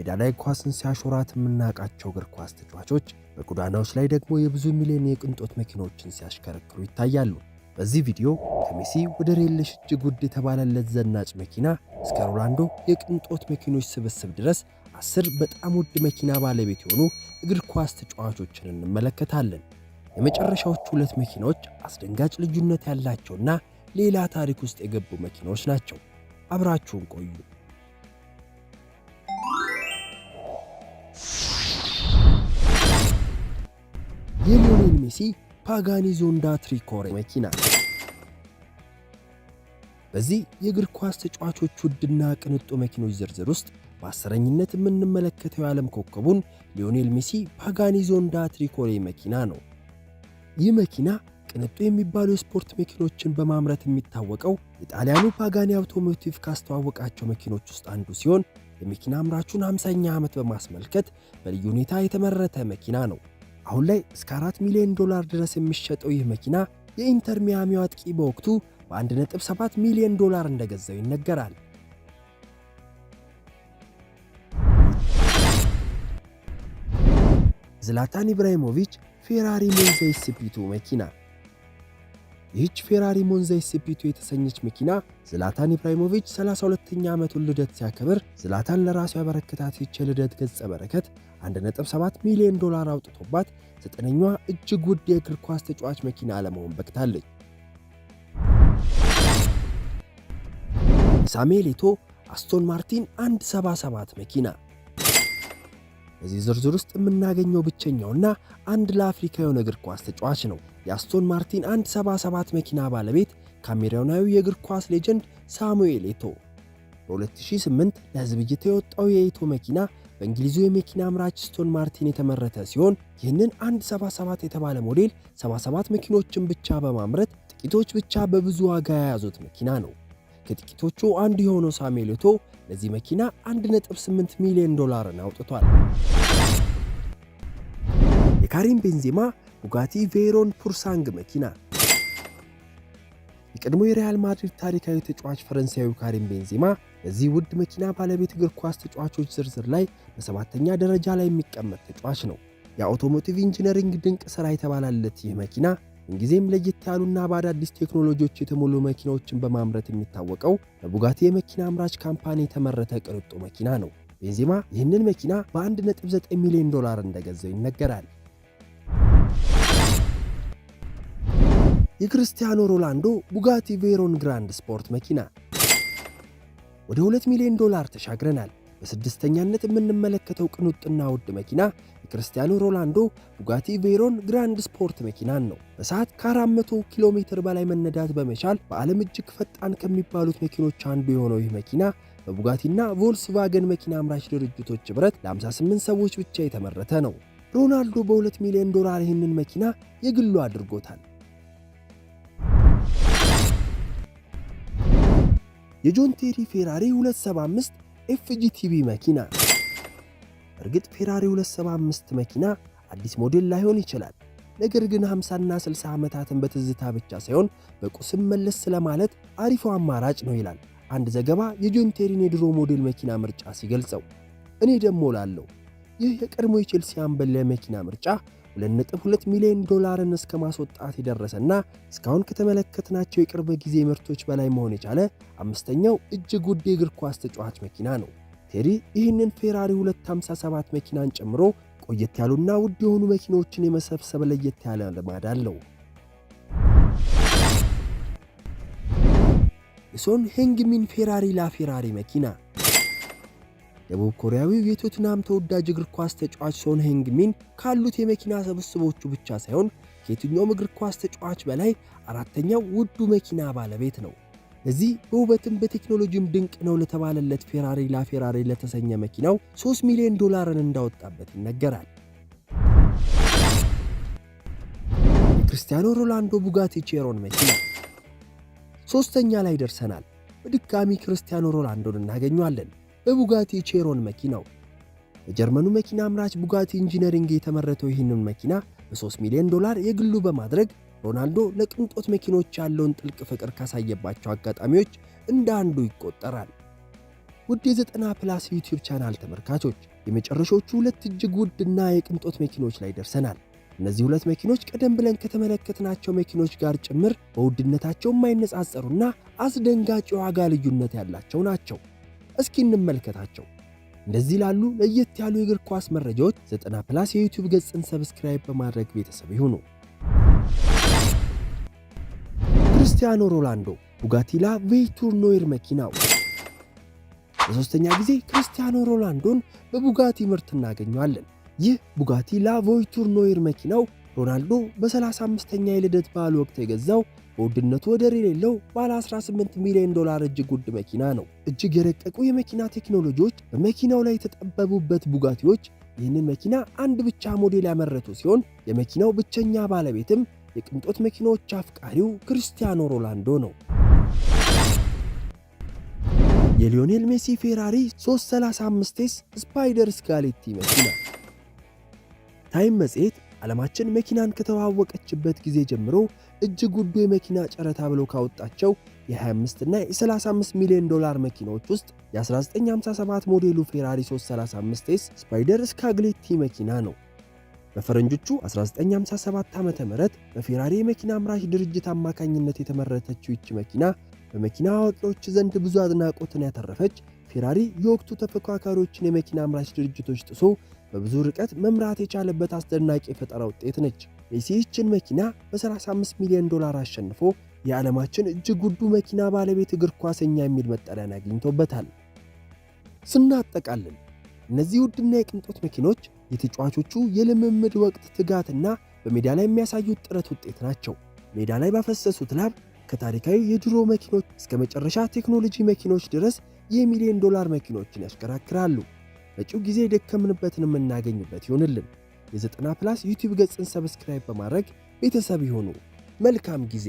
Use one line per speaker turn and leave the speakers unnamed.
ሜዳ ላይ ኳስን ሲያሾራት የምናውቃቸው እግር ኳስ ተጫዋቾች በጎዳናዎች ላይ ደግሞ የብዙ ሚሊዮን የቅንጦት መኪኖችን ሲያሽከረክሩ ይታያሉ። በዚህ ቪዲዮ ከሜሲ ወደር የለሽ እጅግ ውድ የተባለለት ዘናጭ መኪና እስከ ሮላንዶ የቅንጦት መኪኖች ስብስብ ድረስ አስር በጣም ውድ መኪና ባለቤት የሆኑ እግር ኳስ ተጫዋቾችን እንመለከታለን። የመጨረሻዎቹ ሁለት መኪናዎች አስደንጋጭ ልዩነት ያላቸውና ሌላ ታሪክ ውስጥ የገቡ መኪናዎች ናቸው። አብራችሁን ቆዩ። የሊዮኔል ሜሲ ፓጋኒ ዞንዳ ትሪኮሬ መኪና በዚህ የእግር ኳስ ተጫዋቾች ውድና ቅንጡ መኪኖች ዝርዝር ውስጥ በአስረኝነት የምንመለከተው የዓለም ኮከቡን ሊዮኔል ሜሲ ፓጋኒ ዞንዳ ትሪኮሬ መኪና ነው። ይህ መኪና ቅንጡ የሚባሉ የስፖርት መኪኖችን በማምረት የሚታወቀው የጣሊያኑ ፓጋኒ አውቶሞቲቭ ካስተዋወቃቸው መኪኖች ውስጥ አንዱ ሲሆን የመኪና አምራቹን 50ኛ ዓመት በማስመልከት በልዩ ሁኔታ የተመረተ መኪና ነው። አሁን ላይ እስከ 4 ሚሊዮን ዶላር ድረስ የሚሸጠው ይህ መኪና የኢንተር ሚያሚው አጥቂ በወቅቱ በ1.7 ሚሊዮን ዶላር እንደገዛው ይነገራል። ዝላታን ኢብራሂሞቪች ፌራሪ ሞንዘይስ መኪና ይህች ፌራሪ ሞንዛ ኤስፒቱ የተሰኘች መኪና ዝላታን ኢብራሂሞቪች 32ኛ ዓመቱን ልደት ሲያከብር ዝላታን ለራሱ ያበረከታት ይህች የልደት ገጸ በረከት 1.7 ሚሊዮን ዶላር አውጥቶባት ዘጠነኛዋ እጅግ ውድ የእግር ኳስ ተጫዋች መኪና ለመሆን በቅታለች። ሳሜሌቶ አስቶን ማርቲን 177 መኪና በዚህ ዝርዝር ውስጥ የምናገኘው ብቸኛውና አንድ ለአፍሪካ የሆነ እግር ኳስ ተጫዋች ነው። የአስቶን ማርቲን 177 መኪና ባለቤት ካሜሮናዊው የእግር ኳስ ሌጀንድ ሳሙኤል ኤቶ። በ2008 ለህዝብ እይታ የወጣው የኤቶ መኪና በእንግሊዙ የመኪና አምራች ስቶን ማርቲን የተመረተ ሲሆን ይህንን 177 የተባለ ሞዴል 77 መኪኖችን ብቻ በማምረት ጥቂቶች ብቻ በብዙ ዋጋ የያዙት መኪና ነው። ከጥቂቶቹ አንዱ የሆነው ሳሙኤል ኤቶ ለዚህ መኪና 1.8 ሚሊዮን ዶላርን አውጥቷል። የካሪም ቤንዜማ ቡጋቲ ቬይሮን ፑርሳንግ መኪና የቀድሞ የሪያል ማድሪድ ታሪካዊ ተጫዋች ፈረንሳዊ ካሪም ቤንዚማ በዚህ ውድ መኪና ባለቤት እግር ኳስ ተጫዋቾች ዝርዝር ላይ በሰባተኛ ደረጃ ላይ የሚቀመጥ ተጫዋች ነው። የአውቶሞቲቭ ኢንጂነሪንግ ድንቅ ስራ የተባላለት ይህ መኪና ምንጊዜም ለየት ያሉና በአዳዲስ ቴክኖሎጂዎች የተሞሉ መኪናዎችን በማምረት የሚታወቀው በቡጋቲ የመኪና አምራች ካምፓኒ የተመረተ ቅንጡ መኪና ነው። ቤንዜማ ይህንን መኪና በ1.9 ሚሊዮን ዶላር እንደገዛው ይነገራል። የክርስቲያኖ ሮላንዶ ቡጋቲ ቬሮን ግራንድ ስፖርት መኪና ወደ 2 ሚሊዮን ዶላር ተሻግረናል። በስድስተኛነት የምንመለከተው ቅኑጥና ውድ መኪና የክርስቲያኖ ሮላንዶ ቡጋቲ ቬሮን ግራንድ ስፖርት መኪናን ነው። በሰዓት ከ400 ኪሎ ሜትር በላይ መነዳት በመቻል በዓለም እጅግ ፈጣን ከሚባሉት መኪኖች አንዱ የሆነው ይህ መኪና በቡጋቲና ቮልስቫገን መኪና አምራች ድርጅቶች ኅብረት ለ58 ሰዎች ብቻ የተመረተ ነው። ሮናልዶ በ2 ሚሊዮን ዶላር ይህንን መኪና የግሉ አድርጎታል። የጆን ቴሪ ፌራሪ 275 ኤፍጂቲቪ መኪና። እርግጥ ፌራሪ 275 መኪና አዲስ ሞዴል ላይሆን ይችላል። ነገር ግን 50ና 60 ዓመታትን በትዝታ ብቻ ሳይሆን በቁስም መለስ ስለማለት አሪፉ አማራጭ ነው ይላል አንድ ዘገባ የጆን ቴሪን የድሮ ሞዴል መኪና ምርጫ ሲገልጸው። እኔ ደግሞ ላለው ይህ የቀድሞ የቼልሲ አምበል መኪና ምርጫ 2.2 ሚሊዮን ዶላርን እስከ ማስወጣት የደረሰና እስካሁን ከተመለከትናቸው የቅርብ ጊዜ ምርቶች በላይ መሆን የቻለ አምስተኛው እጅግ ውድ የእግር ኳስ ተጫዋች መኪና ነው። ቴሪ ይህንን ፌራሪ 257 መኪናን ጨምሮ ቆየት ያሉና ውድ የሆኑ መኪኖችን የመሰብሰብ ለየት ያለ ልማድ አለው። የሶን ሄንግሚን ፌራሪ ላፌራሪ መኪና ደቡብ ኮሪያዊው የቶትናም ተወዳጅ እግር ኳስ ተጫዋች ሶን ሄንግሚን ካሉት የመኪና ስብስቦቹ ብቻ ሳይሆን ከየትኛውም እግር ኳስ ተጫዋች በላይ አራተኛው ውዱ መኪና ባለቤት ነው። እዚህ በውበትም በቴክኖሎጂም ድንቅ ነው ለተባለለት ፌራሪ ላፌራሪ ለተሰኘ መኪናው 3 ሚሊዮን ዶላርን እንዳወጣበት ይነገራል። ክርስቲያኖ ሮናልዶ ቡጋቲ ቼሮን መኪና ሶስተኛ ላይ ደርሰናል። በድጋሚ ክርስቲያኖ ሮናልዶን እናገኘዋለን። በቡጋቲ ቼሮን መኪናው የጀርመኑ መኪና አምራች ቡጋቲ ኢንጂነሪንግ የተመረተው ይህንን መኪና በ3 ሚሊዮን ዶላር የግሉ በማድረግ ሮናልዶ ለቅንጦት መኪኖች ያለውን ጥልቅ ፍቅር ካሳየባቸው አጋጣሚዎች እንደ አንዱ ይቆጠራል። ውድ የዘጠና ፕላስ ዩቲዩብ ቻናል ተመልካቾች የመጨረሾቹ ሁለት እጅግ ውድና የቅንጦት መኪኖች ላይ ደርሰናል። እነዚህ ሁለት መኪኖች ቀደም ብለን ከተመለከትናቸው መኪኖች ጋር ጭምር በውድነታቸው የማይነጻጸሩና አስደንጋጭ የዋጋ ልዩነት ያላቸው ናቸው። እስኪ እንመልከታቸው። እንደዚህ ላሉ ለየት ያሉ የእግር ኳስ መረጃዎች 90 ፕላስ የዩቲዩብ ገጽን ሰብስክራይብ በማድረግ ቤተሰብ ይሁኑ። ክርስቲያኖ ሮላንዶ ቡጋቲላ ኖይር መኪናው ለሶስተኛ ጊዜ ክርስቲያኖ ሮላንዶን በቡጋቲ ምርት እናገኘዋለን። ይህ ቡጋቲ ላቮይቱር ኖይር መኪናው ሮናልዶ በ35ኛ የልደት በዓል ወቅት የገዛው በውድነቱ ወደር የሌለው ባለ 18 ሚሊዮን ዶላር እጅግ ውድ መኪና ነው። እጅግ የረቀቁ የመኪና ቴክኖሎጂዎች በመኪናው ላይ የተጠበቡበት ቡጋቲዎች ይህንን መኪና አንድ ብቻ ሞዴል ያመረቱ ሲሆን የመኪናው ብቸኛ ባለቤትም የቅንጦት መኪናዎች አፍቃሪው ክርስቲያኖ ሮላንዶ ነው። የሊዮኔል ሜሲ ፌራሪ 335 ኤስ ስፓይደር ስካሌቲ መኪና ታይም መጽሔት ዓለማችን መኪናን ከተዋወቀችበት ጊዜ ጀምሮ እጅግ ውዱ የመኪና ጨረታ ብለው ካወጣቸው የ25 እና የ35 ሚሊዮን ዶላር መኪናዎች ውስጥ የ1957 ሞዴሉ ፌራሪ 335 ኤስ ስፓይደር ስካግሌቲ መኪና ነው። በፈረንጆቹ 1957 ዓ ም በፌራሪ የመኪና አምራች ድርጅት አማካኝነት የተመረተችው ይቺ መኪና በመኪና አዋቂዎች ዘንድ ብዙ አድናቆትን ያተረፈች ፌራሪ የወቅቱ ተፎካካሪዎችን የመኪና አምራች ድርጅቶች ጥሶ በብዙ ርቀት መምራት የቻለበት አስደናቂ የፈጠራ ውጤት ነች። ሜሲ መኪና በ35 ሚሊዮን ዶላር አሸንፎ የዓለማችን እጅግ ውዱ መኪና ባለቤት እግር ኳሰኛ የሚል መጠሪያን አግኝቶበታል። ስናጠቃልል እነዚህ ውድና የቅንጦት መኪኖች የተጫዋቾቹ የልምምድ ወቅት ትጋትና በሜዳ ላይ የሚያሳዩት ጥረት ውጤት ናቸው። ሜዳ ላይ ባፈሰሱት ላብ ከታሪካዊ የድሮ መኪኖች እስከ መጨረሻ ቴክኖሎጂ መኪኖች ድረስ የሚሊዮን ዶላር መኪኖችን ያሽከራክራሉ። መጪው ጊዜ የደከምንበትን የምናገኝበት ይሆንልን። የዘጠና ፕላስ ዩቲዩብ ገጽን ሰብስክራይብ በማድረግ ቤተሰብ ይሆኑ። መልካም ጊዜ